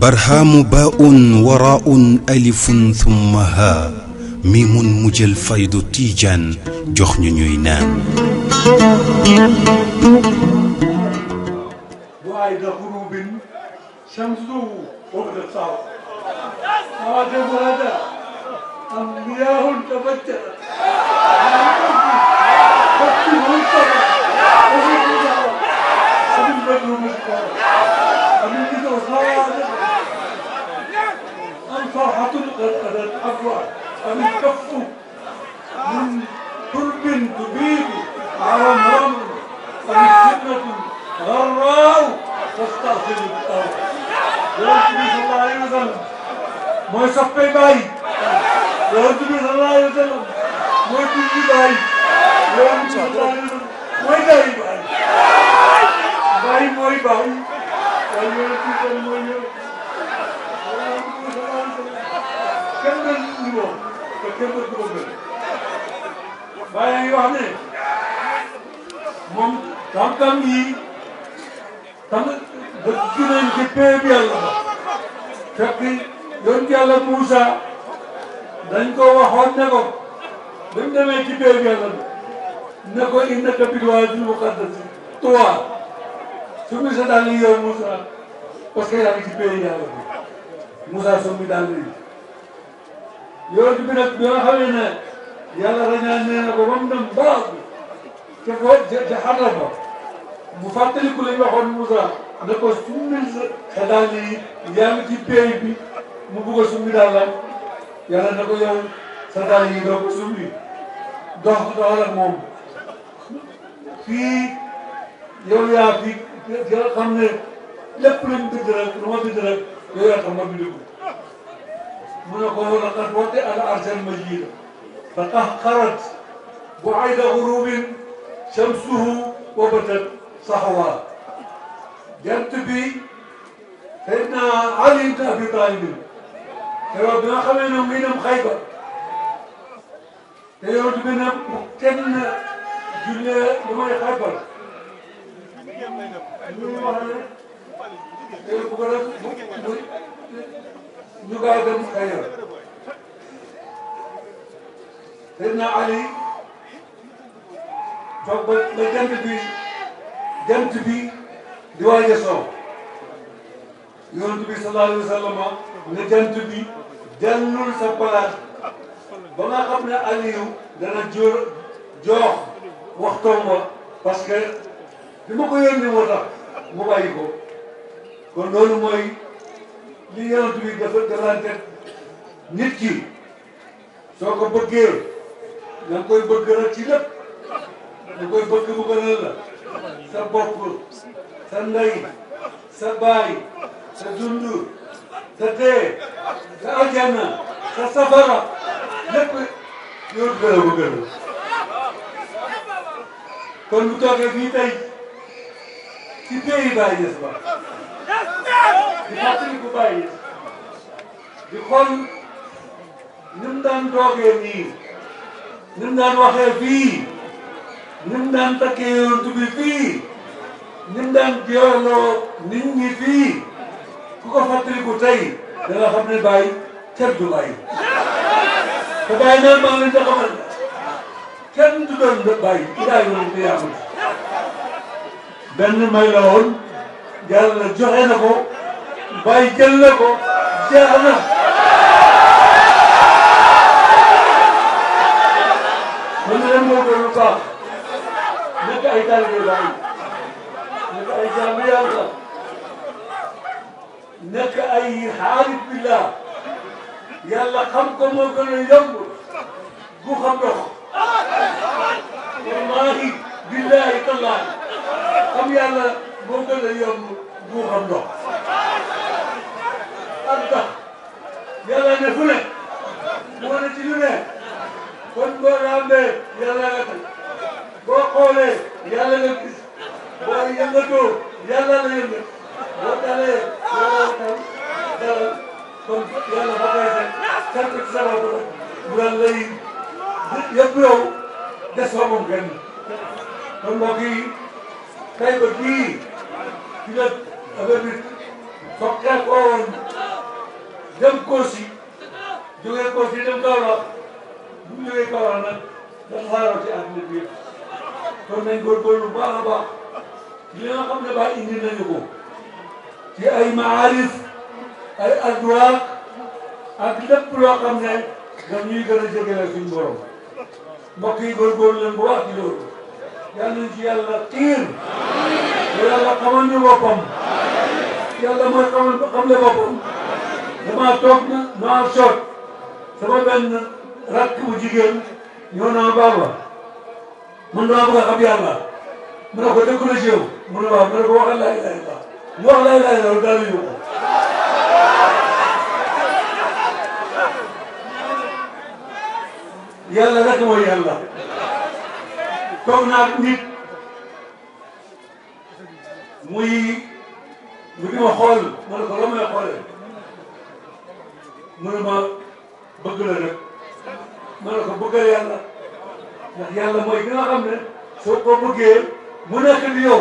برهام باء وراء ألف ثم ها ميم مجل فيض تيجان جخن نينان وعيد غروب شمسه وابتدت وعجب هذا أمياه تبتلت أمريكا وصلت الفرحة قد أبرأ الكف من ترب تبيد على النار الفتنة غراء تستأصل الطرف يرجو صلى الله عليه وسلم ما يصفي باي يرجو صلى الله عليه وسلم ما يتجي باي يرجو صلى الله عليه وسلم kenn du ko gën waaye yoo xam ne moom xam-xam yi xam nga dinañ ci péeb yàlla ba fekk yoon yàlla Moussa dañ ko waxoon ne ko ba mu demee ci bi ne ko innaka bil waadil muqaddas tuwaa su mi sa daal yow Moussa parce que yaa ngi ci péeb yàlla bi Moussa soo yonent bi nag bi nga xamee ne yàlla rañaan nee na ba mu dem baraas te ko te xaral ba mu fàttaliku la ñu waxoon Moussa ne ko summil sa daal yaa ngi ci pay bi mu bugg a summi daal la ne ko yow sa daal yi doo ko summi dox doxal moom fii yow yaa fi xam ne lépp luñ bind rek lu ma bind rek yaa tax ma bind ko ونقول لقد وطئ الارض المجيده فقهقرت بعيد غروب شمسه وبتت صحوا ينتبي سيدنا علي بن ابي طالب ربنا خلينا من خيبر تيرد بنا كن جل لما يخبر تيرد بنا ñu gaaw dem gañal Seydina Ali toog ba ba jant bi jant bi di waaje soo yonent bi sallallahu alayhi wa sallam ne ba nga xam ne Aliou dana jóor joox waxtoom wa parce que li ma ko yónni moo mu bàyyi ko kon loolu mooy li yonent bi dafa dalante nit ki soo ko bëggee da koy bëgg rek ci lépp koy bëgg bu gënal sa bopp sa ndey sa baay sa dund sa dee sa aljanna sa safara lépp yonent bi la bëgg la kon bu toogee fii tey ci pays bàyyi des ba di fàttali ko bàyyi di xool ni mu daan toogee nii ni mu daan waxee fii ni mu daan takkee yonent bi fii ni mu daan jooloo nit ñi fii ku ko fàttali ko tey dana xam ne bàyyi kenn du bàyyi te bàyyi naan maa ngi leen di xamal kenn du doon bàyyi Ibrahima moom yaa benn may la woon yàlla joxe na ko bàyyi jël na ko jeex na mën na leen moo gën lu baax nekk ay taalibe bàyyi nekk ay jaamu yàlla nekk ay xaarit billah yàlla xam ko moo gën a yomb bu xam dox wallaahi billaahi tallaahi xam yàlla moo gën a yomb buuxam ndox ak ndox ne fu moo ne ci lu ne kon boo ràmbee yàlla nga tëj boo xoolee yàlla nga gis boo yëngatoo yàlla boo dalee yàlla kon yàlla ba koy def sant ci sa bopp la lay yëpp yow des kenn kon mbokk yi tey ba kii ci la affaire bi soqee koo woon dem Kossy jógee Kossy dem Kaolack bu ñu jógee Kaolack nag dafa saaroo ci àddina bi yëpp kon nañ góorgóorlu bu baax a baax li indi nañu ko ci ay maarif ay adduwaak ak lépp loo xam ne dañuy gën a jege la suñu borom mbokk yi góorgóorlu bu baax ci loolu yal ci yàlla xiir yàlla xamal ñu boppam yàlla mooy xamal xamle boppam damaa toog na noor soot sama benn rakk bu jigéen ñëw naa baaba man damaa bëgg a xam yàlla mu ne ko dëgg la ci yow mu ne waaw mu ne ko waxal laa ilaaha illallaah mu wax laa ilaaha illallaah daal di ko yàlla rek mooy yàlla toog naa nit muy mu di ma xool ma ne ko la may xoolee mu ne ma bëgg la rek ma ne ko bëggal yàlla ndax yàlla mooy ki nga xam ne soo ko bëggee mu nekk ni yow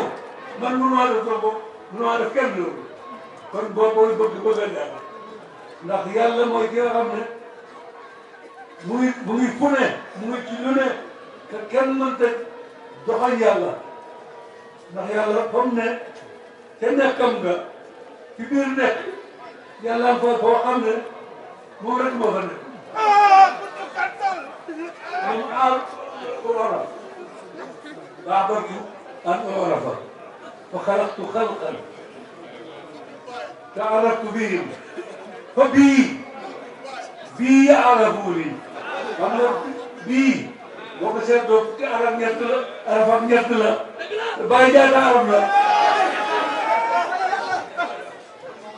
man mënumaa def soo ko mënumaa def kenn loolu kon boo koy bëgg bëggal yàlla ndax yàlla mooy ki nga xam ne mu ngi mu ngi fu mu ngi ci lu ne te kenn mënta doxal yàlla ndax yàlla fa mu ne te nekkam nga ci biir nekk yàlla foo foo ne moom rek moo fa am aar ku ba du an war a fa fa xalaqtu xalqan te araftu bihim fa bii bii yaarafuuni xam nga bii boo ko seetloo fukki araf arafam ñett Baye Ndiaye taaram la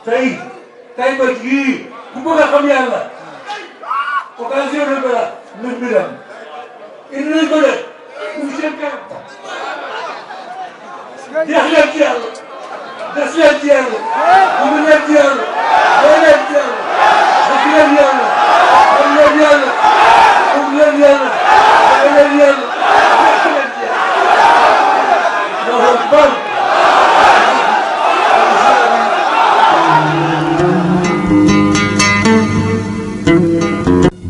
tey tey ba yii ku bëgg a xam yàlla occasion de la mbir mi dem indi nañ ko de pour seen kanam jeex leen ci yàlla des leen ci yàlla dugg leen ci yàlla doy leen ci yàlla